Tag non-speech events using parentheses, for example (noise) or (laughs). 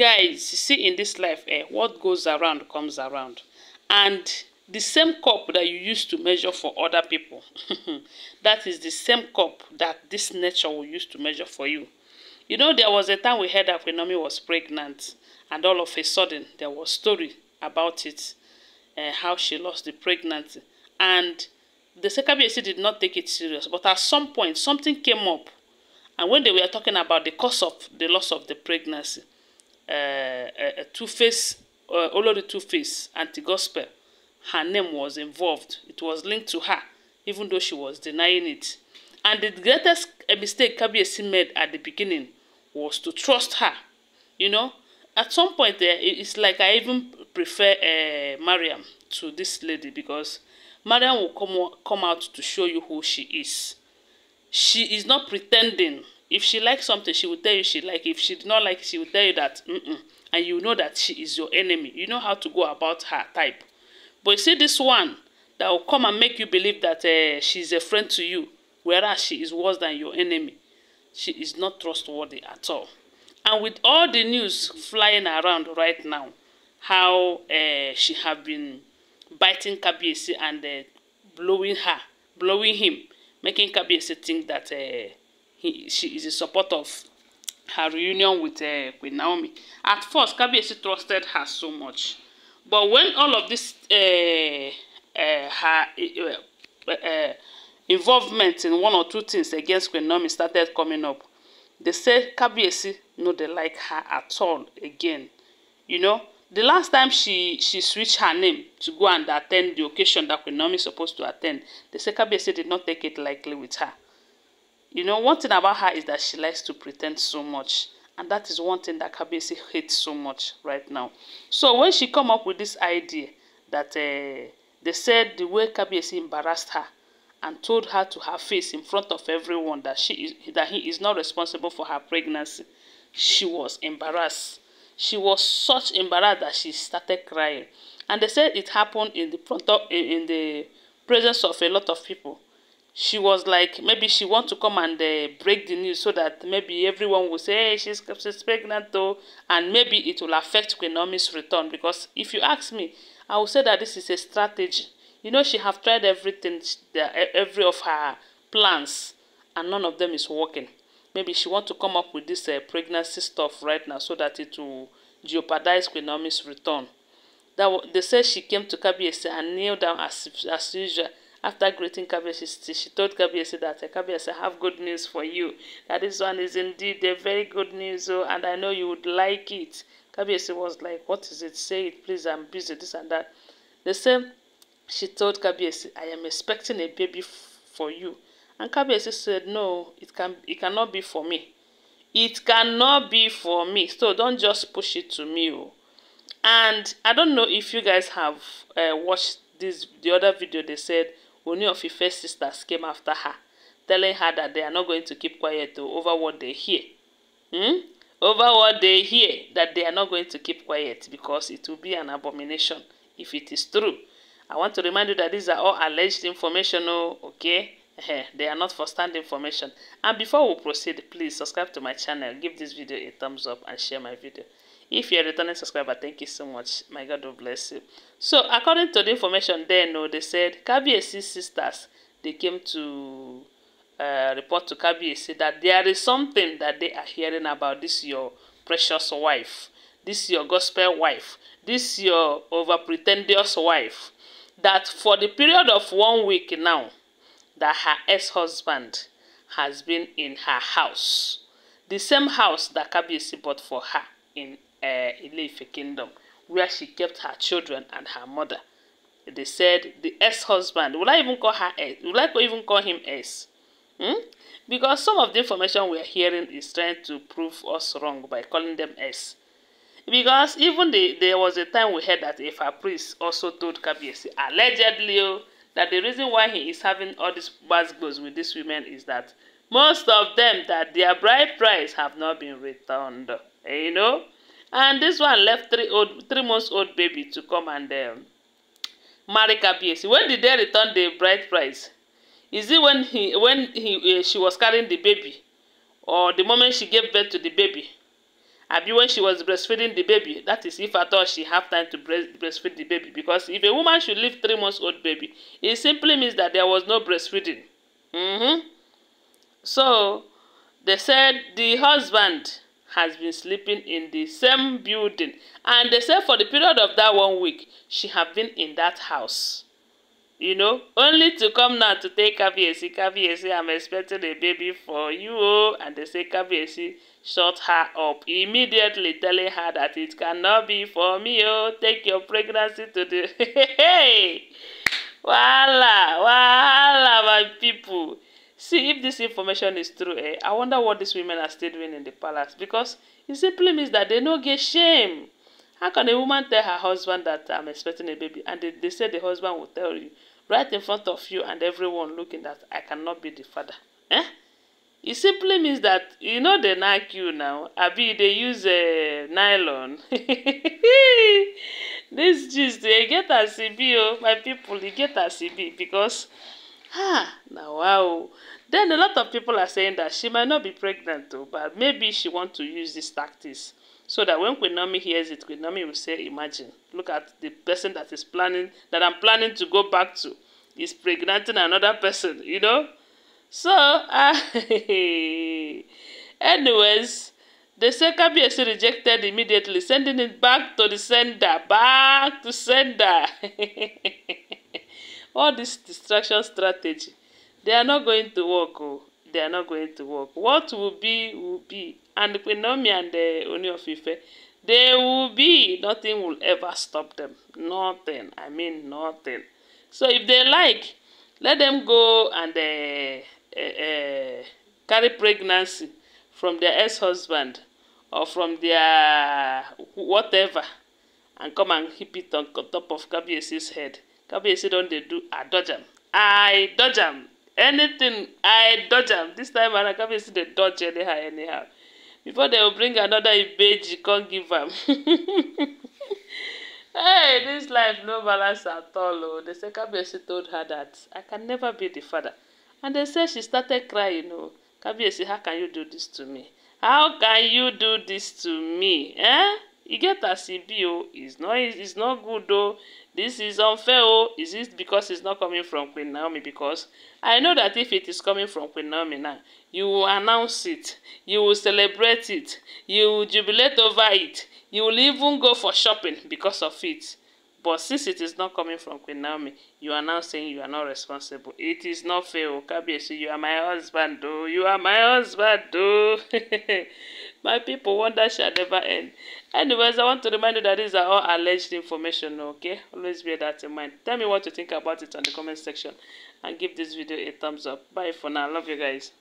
guys, you see in this life, eh, what goes around comes around. And the same cup that you use to measure for other people, (laughs) that is the same cup that this nature will use to measure for you. You know, there was a time we heard that Winomi was pregnant, and all of a sudden there was story about it, uh, how she lost the pregnancy. And the CKBC did not take it serious, but at some point something came up, and when they were talking about the cause of the loss of the pregnancy, A Two-Face, uh, Olori Two-Face, anti-gospel, her name was involved. It was linked to her, even though she was denying it. And the greatest mistake Kabiyesi made at the beginning was to trust her. You know, at some point there, it's like I even prefer uh, Mariam to this lady because Mariam will come, come out to show you who she is. She is not pretending if she likes something she will tell you she like if she did not like she will tell you that mm-mm, and you know that she is your enemy you know how to go about her type but you see this one that will come and make you believe that uh, she is a friend to you whereas she is worse than your enemy she is not trustworthy at all and with all the news flying around right now how uh, she have been biting Kabiyesi and uh, blowing her blowing him making Kabiyesi think that uh, he she is in support of her reunion with uh, Queen Naomi. At first, Kabiyesi trusted her so much. But when all of this uh, uh, her uh, uh, involvement in one or two things against Queen Naomi started coming up, they said Kabiyesi no they like her at all again. You know, the last time she she switched her name to go and attend the occasion that Queen Naomi is supposed to attend, they said Kabiyesi did not take it lightly with her. You know, one thing about her is that she likes to pretend so much. And that is one thing that Kabesi hates so much right now. So when she come up with this idea that uh, they said the way Kabesi embarrassed her and told her to her face in front of everyone that she is, that he is not responsible for her pregnancy, she was embarrassed. She was such embarrassed that she started crying. And they said it happened in the front of, in, in the presence of a lot of people she was like maybe she want to come and uh, break the news so that maybe everyone will say hey she's, she's pregnant though and maybe it will affect Queen return because if you ask me I will say that this is a strategy you know she have tried everything e, every of her plans and none of them is working maybe she want to come up with this uh, pregnancy stuff right now so that it will jeopardize Queen return that they say she came to Kabiyesi and kneel down as as usual After greeting Kabir, she she told Kabiesi that eh, Kabiesi, I have good news for you. That this one is indeed a very good news, oh, and I know you would like it. Kabiesi was like, What is it? Say it, please. I'm busy, this and that. The same, she told Kabir, I am expecting a baby for you. And Kabir said, No, it can it cannot be for me. It cannot be for me. So don't just push it to me. Oh. And I don't know if you guys have uh, watched this the other video they said One of her first sisters came after her, telling her that they are not going to keep quiet over what they hear. Hmm? Over what they hear, that they are not going to keep quiet because it will be an abomination if it is true. I want to remind you that these are all alleged information, oh, okay? they are not for stand information. And before we proceed, please subscribe to my channel, give this video a thumbs up, and share my video if you're a returning subscriber thank you so much my god will bless you so according to the information then no, they said Kabiyesi sisters they came to uh, report to Kabiyesi that there is something that they are hearing about this your precious wife this your gospel wife this your over pretendious wife that for the period of one week now that her ex-husband has been in her house the same house that Kabiyesi bought for her in uh, Ileife kingdom, where she kept her children and her mother. They said the ex-husband, will I even call her ex? Will I even call him ex? Hmm? Because some of the information we are hearing is trying to prove us wrong by calling them ex. Because even the, there was a time we heard that if a priest also told Kabiesi, allegedly, oh, that the reason why he is having all these bad goals with these women is that most of them that their bride price have not been returned. Eh, you know, And this one left three old three months old baby to come and uh, marry Kabiyesi. When did they return the bride price? Is it when he when he uh, she was carrying the baby, or the moment she gave birth to the baby? I Abi when she was breastfeeding the baby, that is if at all she have time to breastfeed the baby. Because if a woman should leave three months old baby, it simply means that there was no breastfeeding. Mm-hmm. So, they said the husband has been sleeping in the same building. And they say for the period of that one week, she had been in that house. You know, only to come now to take Kabiesi, Kabiesi, I'm expecting a baby for you. Oh. And they say Kabiesi shut her up, immediately telling her that it cannot be for me. Oh, take your pregnancy to the... (laughs) Hey! Wahala, wahala, my people. See, if this information is true, eh, I wonder what these women are still doing in the palace because it simply means that they no get shame. How can a woman tell her husband that I'm expecting a baby? And they, they say the husband will tell you right in front of you and everyone looking that I cannot be the father. Eh? It simply means that you know they knack you now. Abi, they use a uh, eh, nylon. (laughs) this gist, they eh, get a CB, e oh, my people, they get a CB e be because, ah, now wow. Then a lot of people are saying that she might not be pregnant though, but maybe she want to use this tactics so that when Queen hears it, Queen will say, imagine, look at the person that is planning, that I'm planning to go back to, is pregnanting another person, you know? So, uh, (laughs) anyways, they say Kabiyesi rejected immediately, sending it back to the sender, back to sender. (laughs) All this distraction strategy They are not going to work. Oh. They are not going to work. What will be, will be. And Kwenomi and the eh, Oni of Ife, they will be. Nothing will ever stop them. Nothing. I mean, nothing. So if they like, let them go and uh, uh, uh, carry pregnancy from their ex-husband or from their whatever and come and heap it on top of Kabiesi's head. Kabiesi don't they do a dodge am. I dodge am anything i dodge am this time and I around see the dodge anyhow anyhow before they will bring another ibeji come give am (laughs) hey this life no balance at all o dey say kabiyesi told her that i can never be the father and they say she started crying Oh, kabiyesi how can you do this to me how can you do this to me eh You get as e be o oh. it's not it's not good oh. This is unfair, oh. Is it because it's not coming from Queen Naomi? Because I know that if it is coming from Queen Naomi now, you will announce it, you will celebrate it, you will jubilate over it, you will even go for shopping because of it. But since it is not coming from Queen Naomi, you are now saying you are not responsible. It is not fair, oh! Okabiesi. You are my husband, though. You are my husband, though. Oh. (laughs) My people, wonder shall never end. Anyways, I want to remind you that these are all alleged information, okay? Always bear that in mind. Tell me what you think about it on the comment section and give this video a thumbs up. Bye for now. Love you guys.